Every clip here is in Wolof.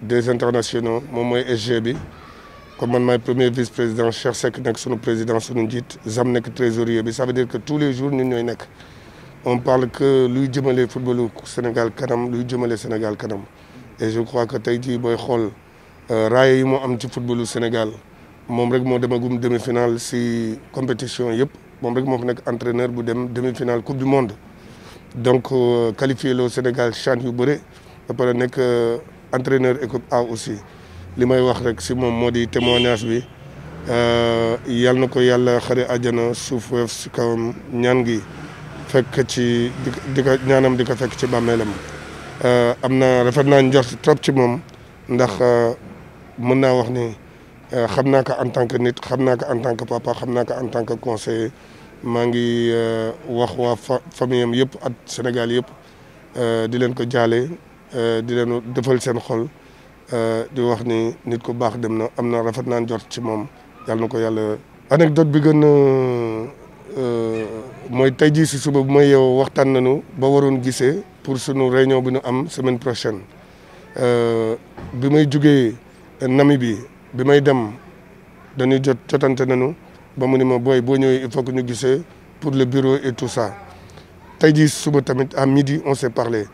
des internationaux mon comme premier vice président cher président son dit, trésorier ça veut dire que tous les jours on parle que le football au Sénégal kanam Sénégal et je crois que boy, moi euh, yi Sénégal. am ci footballu Sénégal demi-finale si compétition entraîneur demi-finale coupe du monde donc euh, qualifier le Sénégal CHAN après nek entraîneur équipe A aussi limay wax rek ci mom modi témoignage bi euh yalla nako yalla xari aljana souf wef ci kawam ñaan gi fekk ci diga ñaanam diga fekk ci bamélam euh amna rafet na ñor trop ci mom ndax eh, mën na wax ni eh, xamna ka en tant que nit xamna ka en tant que papa xamna ka en tant que conseiller ma ngi eh, wax wa famiyam yep at senegal yep euh di len ko jalé Euh, di de defal seen xol euh, di wax ni nit ku baax dem na am na rafet naan jot ci moom yàlla na ko anecdote bi gën euh, mooy tey jii si suba bu may yow waxtaan nañu ba waroon gisee pour ce réunion bi ñu am semaine prochaine bi may jugee Namibie bi may dem dañuy jot jotante nañu ba mu ni ma boy boo ñëwee il faut que ñu gisee pour le bureau et tout ça tey jii suba tamit à midi on s'est parlé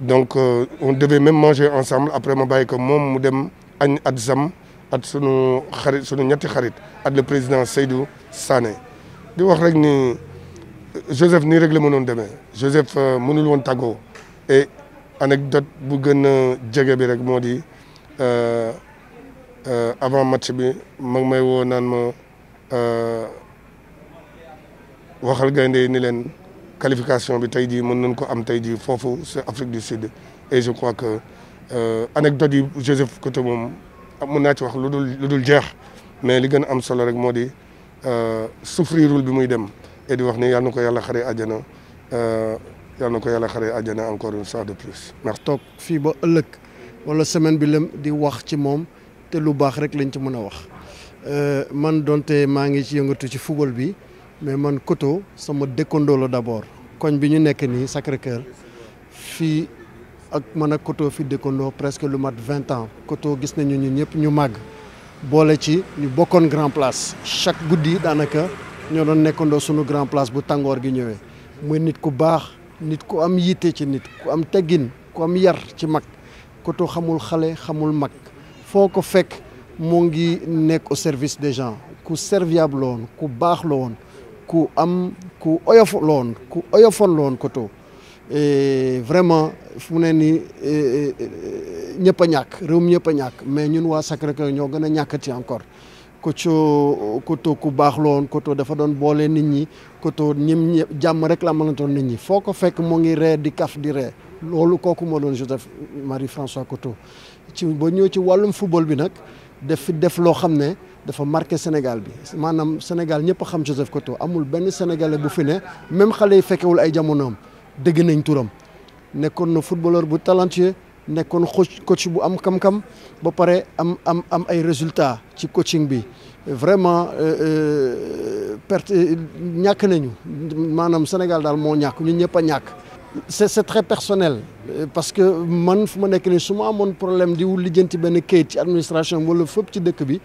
donc euh, on devait même manger ensemble après ma bàyyi ko moom mu dem añ at zam at sunu xarit sunu ñetti xarit at le président Seydou Sané di wax rek ni euh, Joseph nii rek la mënoon demee Joseph euh, mënul woon tàggoo et anecdote bu gën a bi rek moo di avant match bi mag may woo naan ma waxal gaynde ni leen qualification bi tay di mën nañ ko am tay di fofu c'est Afrique du Sud et je crois que euh, anecdote yi Joseph Koto moom mën naa ci wax ludul ludul lu jeex mais li gën am solo rek modi euh souffrirul bi muy dem et di wax ni yalla nako yalla yàlla aljana euh yalla nako yalla yàlla aljana encore une fois de plus. ndax toog fi ba euleuk wala semaine bi lem di wax ci mom té lu bax rek lañ ci mëna wax euh man donté ma ngi ci yëngatu ci football bi mais man Koto sama décondo la d'abord. Sacré Cœur fi ak man presque le mat 20 ans Koto gis nañu ñun ñu sommes venus place chaque goudi, ñoo venus suñu grand place bu Tangor. gi ñëwee muy nit ku baax nit ku am sommes ci nit am ko am yar Koto au service des gens serviable la ku oyof loon ku oyofoon loon ko to vraiment fu mu ne nii ñëpp a ñàkk réew mi ñëpp a ñàkk mais ñun waa Sacré-Cœur ñoo gën a ñàkkati encore Koco Koto ku baax loon Koto dafa doon boole nit ñi Koto ñim jàmm rek la amalantoon nit ñi foo ko fekk moo ngi ree di kaf di ree loolu kooku moo doon Joseph Marie François Koto ci ba ñëw ci wàllum football bi nag def def loo xam ne. dafa marqué Sénégal bi manam Sénégal ñepp xam Joseph Koto amul ben sénégalais bu fi ne même xalé yi fekkewul ay jamonoom dégg nañ turam nekkoon na footballeur bu talentueux nekkoon coach bu am kam-kam ba paré am am am ay résultats ci coaching bi vraiment euh, euh, perte ñak nañu manam Sénégal dal mo ñak ñun ñëpp a c'est c'est très personnel euh, parce que man fuma nek nekk suma amone ma amoon problème di lijjanti ben kayit ci administration wala fop ci dëkk bi.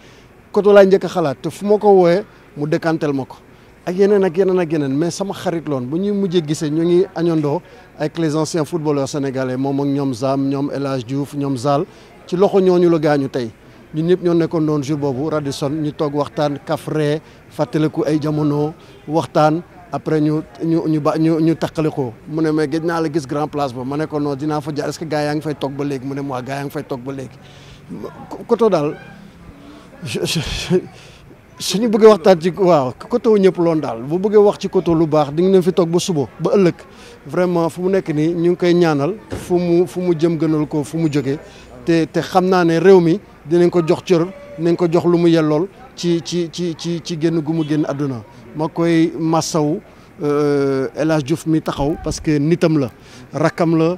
koto laay njëkk xalaat te fu ma ko wooyee mu dëkkantel ma ko ak yeneen ak yeneen ak yeneen mais sama xarit loon bu ñuy mujjee gisee ñu ngi añandoo avec les anciens footballeurs sénégalais moom ak ñoom Zam ñoom El Hadj ñoom Zal ci loxo ñoo ñooñu la gaañu tey ñu ñëpp ñoo nekkoon doon jour boobu Radisson ñu toog waxtaan kafre fàttaliku ay jamono waxtaan après ñu ñu ñu ba ñu ñu taqalikoo mu ne mais naa la gis grand place ba ma dinaa fa jaar est-ce que gars yaa ngi fay toog ba léegi mu ne ma gars yaa ngi fay toog ba léegi daal. suñu bëgg waxtaan ci waaw côté wu ñëpp loon daal bu bëggee wax ci côté lu baax dañ leen fi toog ba suba ba ëllëg vraiment fu mu nekk ni ñu ngi koy ñaanal fu mu fu mu jëm gënal ko fu mu jógee te te xam naa ne réew mi dinañ ko jox cër nañ ko jox lu mu yellool ci ci ci ci ci génn gu mu génn àdduna ma koy massaw euh, El Hadj Diouf mi taxaw parce que nitam la rakam la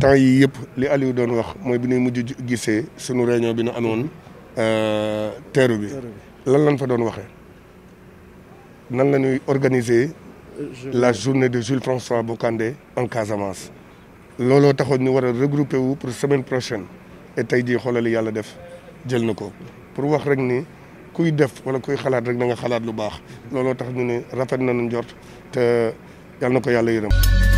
temps yi yëpp li Aliou doon wax mooy bi nuy mujj gisee sunu réunion bi nu amoon euh, teeru bi lan lañ fa doon waxee nan la ñuy organiser euh, la journée de Jules François Bocandé en Casamance looloo taxoon ñu war a regrouper wu pour semaine prochaine et tey jii xoolal yàlla def jël na ko pour wax rek ni kuy def wala kuy xalaat rek na xalaat lu baax looloo tax ñu ne rafet na nu njort te yàlla na ko yàlla yërëm